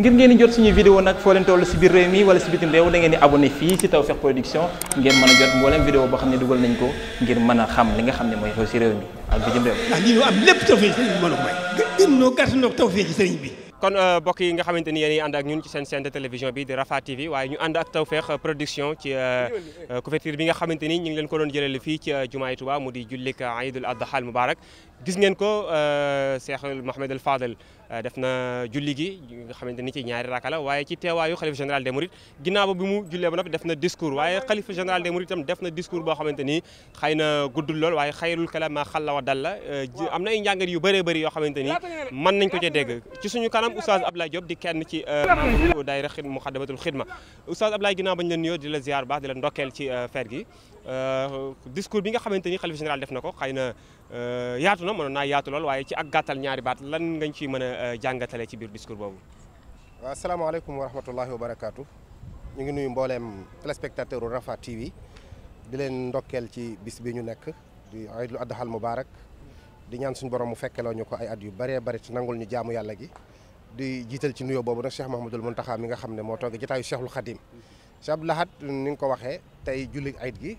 ngir ngeen di jot ñu vidéo nag foo leen toll si biir réew mi wala si bitim réew da ngeen di fii si Tawfekh Production ngeen mën jot mboolem vidéo boo xam ne dugal nañ ko ngir mën a xam li nga xam ne mooy xew si réew mi ak bitim réew. kon euh, mbokk yi nga xamante ni yéen ànd ak ñun ci seen seen de télévision bi di Rafa TV waaye ñu ànd ak Tawfekh Production ci euh, euh, couverture bi nga xamante ni ñu ngi leen ko doon jëlale fii ci jumaay Tuubaa mu di jullik Iidul Adha al gis ngeen ko euh, Cheikh Mouhamed El Fadel euh, def na julli gi nga xamante ni ci ñaari raaka la waaye ci teewaayu xalifa général des Mourides ginnaaw bi mu jullee ba noppi def na discours waaye xalifa général des Mourides itam def na discours boo xamante ni xëy na guddul lool waaye xayrul kalaam a xalla wa la euh, am na ay njàngat yu bëree bëri yoo xamante ni mën nañ ko ca dégg ci suñu kanam Oustaz Abdoulaye Diop di kenn ci daayira Muxaddamatul Xidma Oustaz Abdoulaye ginnaaw bañ la nuyoo di la ziar baax di la ci feet gi Euh, discours bi nga xamante ni xalifa général def na ko xëy na euh, yaatu na mënoon naa yaatu lool waaye ci ak gàttal ñaari baat lan ngañ ciy mën a euh, jàngatale ci biir discours boobu. waaw salaamaaleykum wa rahmatullahi wa barakaatu. ñu ngi nuyu mbooleem téléspectateur Rafah TV di leen ndokkeel ci bis bi ñu nekk di Aïdul Adha al Mubarak di ñaan suñu borom mu fekkeloo ñu ko ay at yu bëree bëri te nangul ñu jaamu yàlla gi di jiital ci nuyoo boobu nag Cheikh Mouhamadul mi nga xam ne moo toog jotaayu Cheikhul Khadim Cheikh ni nga ko waxee tey julli ayit gi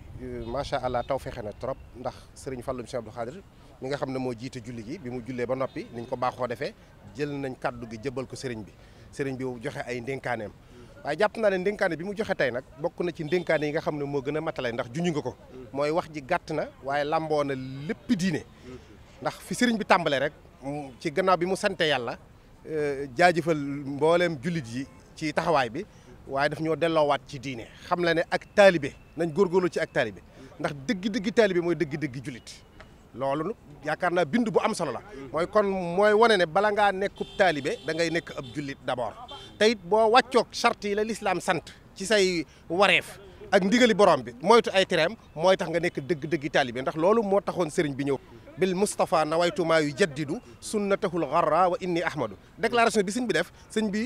macha allah taw fexe na trop ndax sëriñ Falloum Cheikh Abdou Khadir mi nga xam ne moo jiite julli gi bi mu jullee ba noppi niñ ko baaxoo defee jël nañ kàddu gi jëbal ko sëriñ bi sëriñ bi joxe ay ndénkaaneem waaye jàpp naa leen ndénkaane bi mu joxe tey nag bokk na ci ndénkaane yi nga xam ne moo gën a matale ndax juñu nga ko mooy wax ji gàtt na waaye lamboo na lépp diine ndax fi sëriñ bi tàmbalee rek ci gannaaw bi mu sante yàlla euh, jaajëfal mbooleem jullit yi ci taxawaay bi waaye daf ñoo delloowaat ci diine xam la ne ak taalibe nañ góorgóorlu ci ak taalibe ndax dëgg-dëgg taalibe mooy dëgg-dëgg julit loolu yaakaar naa bind bu am solo la mooy kon mooy wane ne bala ngaa nekkub taalibe da ngay nekk ab jullit d'abord te it boo wàccoog charte yi la lislaam sant ci say wareef ak ndigali borom bi moytu ay tereem mooy tax nga nekk dëgg-dëggi taalibe ndax loolu moo taxoon sëriñ bi ñëw bil Moustapha nawaytumaa yu jaddidu sunnatahul garra wa inni ahmadu déclaration bi sëñ bi def sëñ bi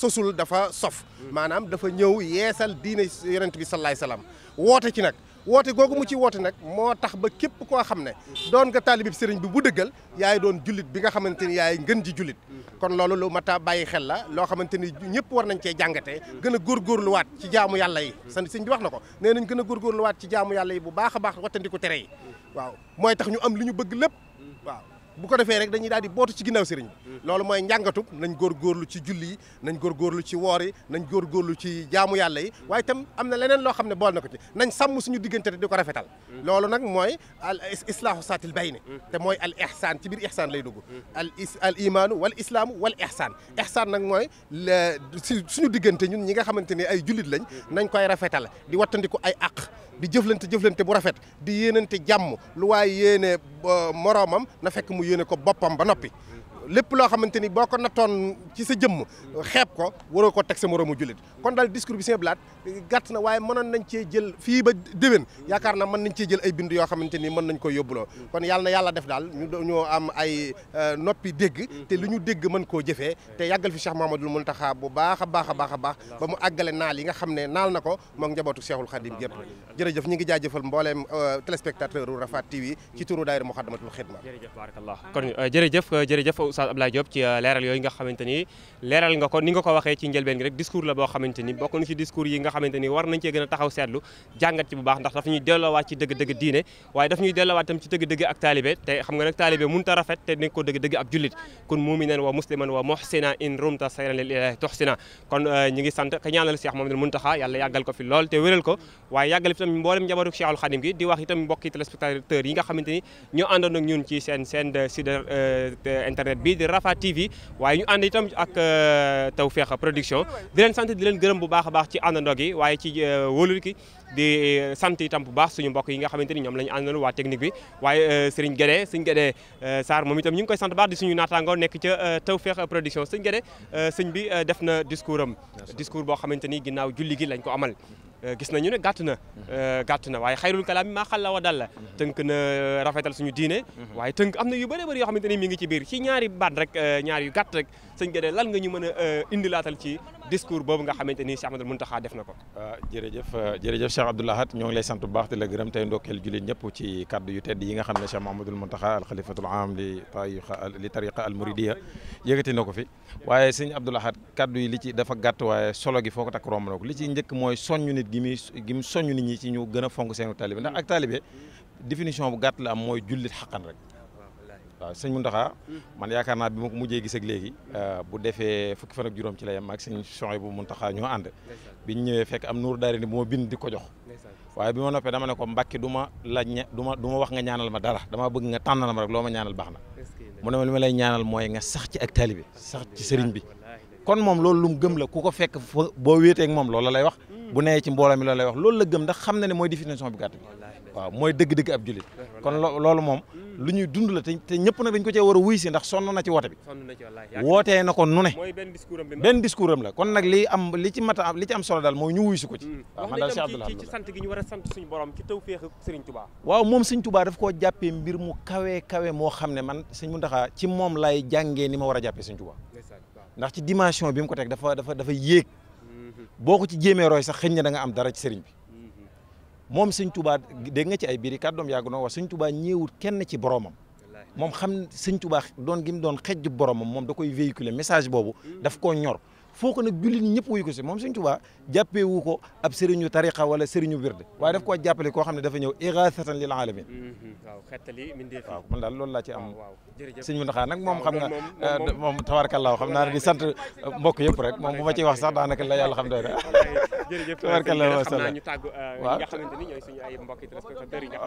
sosul dafa sof maanaam dafa ñëw yeesal diine yonent bi salaay salaam woote ci nag woote googu mu ci woote nag moo tax ba képp koo xam ne doon nga taalibib sëriñ bi bu dëggal yaay doon jullit bi nga xamante ni yaay ngën ji jullit kon loolu lu mat a bàyyi xel la loo xamante ni ñëpp war nañ cee jàngatee gën a góorgóorluwaat ci jaamu yàlla yi san sëñ bi wax na ko nee nañ gën a góorgóorluwaat ci jaamu yàlla yi bu baax a baax wattandiku tere yi waaw mooy tax ñu am li ñu bëgg lépp waaw bu ko defee rek dañuy daal di bootu ci ginnaaw sëriñ bi loolu mooy njàngatub nañ góorgóorlu ci julli yi nañ góorgóorlu ci woor yi nañ góorgóorlu ci jaamu yàlla yi waaye tam am na leneen loo xam ne bool na ko ci nañ sàmm suñu diggante te di ko rafetal loolu nag mooy al islaahu saatil bayne te mooy al ihsaan ci biir ihsaan lay dugg al imaanu wal islaamu wal ihsaan ihsaan nag mooy suñu diggante ñun ñi nga xamante ne ay jullit lañ nañ koy rafetal di wattandiku ay àq di jëflante jëflante bu rafet di yéenante jàmm lu waaye yéene euh, moromam na fekk mu yéene ko boppam ba noppi lépp loo xamante ni boo ko nattoon ci sa jëmm xeeb ko waroo ko teg sa moroomu jullit kon daal discours bi Sëñ Blaat gàtt na waaye mënoon nañ cee jël fii ba déwén yaakaar na mën nañ cee jël ay bind yoo xamante ni mën nañ ko yóbbuloo kon yàlla na yàlla def daal ñu ñoo am ay euh, noppi dégg te li ñu dégg mën koo jëfee te yàggal fi Cheikh Mouhamadoul Mountakha bu baax a baax a baax a baax ba mu àggale naal yi nga xam ne naal na ko moom njabootu Cheikhul Khadim gépp jërëjëf ñi ngi jaajëfal mbooleem euh, téléspectateur u Rafah TV ci turu daayira Moukhaddamatoul Khidma Oustaz Abdoulaye Diop ci euh, leeral yooyu nga xamante ni leeral nga ko ni nga ko waxee ci njëlbeen gi rek discours la boo xamante bokk na ci discours yi nga xamante war nañ cee a taxaw seetlu jàngat ci bu baax ndax daf ñuy delloowaat ci dëgg-dëgg diine waaye daf ñuy delloowaat tam ci dëgg-dëgg ak taalibe te xam nga nag taalibe mun ta rafet te nekk ko dëgg-dëgg ab jullit kun muminan wa musliman wa muhsina in rumta sayran tuhsina kon euh, ñi ngi sant ko bii di Rafa TV waaye ñu ànd itam ak euh, Tawfekh Production di leen sant di leen gërëm bu baax a baax ci àndandoo gi waaye ci euh, wóolul ki di eh, sant itam bu baax suñu mbokk yi nga xamante ni ñoom la ñu àndal waa technique bi waaye eh, Serigne Guédé Serigne Guédé eh, Sarr moom itam ñu ngi koy sant baax di suñu naataangoo nekk ca Tawfekh Production Serigne Guédé sëñ bi def na discours am discours boo xamante ni ginnaaw julli lañ ko amal gis nañu ne gàtt na mhm. gàtt na waaye xayrul kalaam yi maa la wa dal la mhm. tënk na rafetal suñu diine mhm. waaye tënk am na yu bëri bëri yoo xamante ni mi ngi ci biir ci ñaari baat rek ñaar yu gàtt rek sëñ Guédé lan nga ñu mën a indilaatal ci discours boobu nga xamante ni Cheikh Ahmadou Mountakha def na ko ah, jërëjëf ah, jërëjëf Cheikh Abdoul ñoo lay sant baax di la gërëm tey ndokkeel jullit ñëpp ci kaddu yu tedd yi nga xam ne Cheikh Mouhamadoul Mountakha al xalifatul li tariqa li yëkkati na ko fi waaye sëñ Abdoul Ahad kaddu yi li ci dafa gàtt waaye solo gi foo ko takk li ci njëkk mooy soññu nit gi muy gi mu soññu nit ñi ci ñu gën a fonk seenu taalibe ndax ak taalibe définition bu gàtt la am mooy jullit xaqan rek waa sëñ Mountakha man yaakaar naa bi ma ko mujjee gis ak léegi euh, bu defee fukki fan ak juróom ci la yem sëñ Chouaï bu Mountakha ñoo ànd biñ ñëwee fekk am nuur daari bu ma bind di ko jox waaye bi ma noppee dama ne ko Mbàkke du ma la du ma du ma wax nga ñaanal ma dara dama bëgg nga tànnal ma rek loo ma ñaanal baax na mu ne ma li ma lay ñaanal mooy nga sax ci ak taalibe sax ci sëriñ bi kon moom loolu lu gëm la ku ko fekk boo wéetee moom loola bu nee ci mbooloo mi loolu lay wax loolu la gëm ndax xam na ne mooy définition bi gàtt bi waaw mooy dëgg moom lu ñuy dund la te te ñëpp nag dañ ko cee war a wuy si ndax sonn na ci woote bi wootee na ko nu ne benn discours am la kon nag am li am solo daal mooy ñu si ko ci mm. waaw man daal si Abdoulaye ci sant gi ñu a sant suñu koo jàppee mbir mu kawe kawe moo xam ne man Serigne Mountakha ci moom lay jàngee ni ma war a jàppee Serigne Touba ndax ci dimension bi mu ko teg dafa dafa dafa yéeg boo ko ci jéemee roy sax xëñ na da am dara ci sëriñ bi moom sëñ tubaa dégg nga ci ay biiri yi kàddoom yàgg noo wax sëñ tubaa ñëwul kenn ci boromam moom xam sëñ tubaa doon gi mu doon xejj boromam moom da koy véhiculer message boobu daf koo ñor foo ko nag jullit ñi ñëpp wuyu ko si moom Sëriñ Tuubaa jàppee wu ko ab sëriñu tariqa wala sëriñu wirde waaye daf koo jàppale koo xam ne dafa ñëw iraasatan lil alamin mhm. waaw xettali mindeef waaw man daal loolu laa ci am sëñ Muntaxa nag moom xam nga moom euh, tabarkallaaw xam naa ne di sant mbokk yëpp rek moom ma ciy wax sax daanaka la yàlla xam doy na wa salaam ñu tàgg euh, nga xamante ni ñooy suñu ay mbokki téléspectateurs yi nga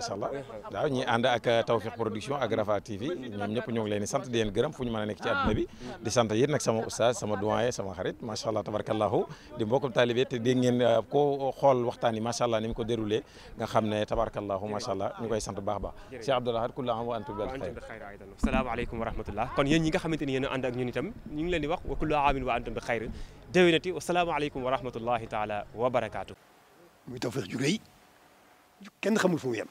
xam ne ñi ànd ak Tawfekh Production ak Rafah TV ñoom ñëpp ñoo ngi leen di sant di leen gërëm fu ñu mën a nekk ci àdduna bi ah. di sant yit nag sama oustaz sama doyen sama xarit macha allah tabarakallahu di mbokkum taalibe te dégg ngeen euh, ko xool waxtaan yi macha allah ni mu ko déroulé nga xam ne tabarakallahu macha allah ñu koy sant baax baax Cheikh Abdoul Ahad kullu am wa antum bil xayr salaamaaleykum wa rahmatullah kon yéen ñi nga xamante ni yéen ànd ak ñun itam ñu ngi leen di wax wa kullu aamin wa antum bi xayr déwénati wa salaamaaleykum wa rahmatullahi taala wa barakaatu muy tawfeex ju rëy kenn xamul fu mu yem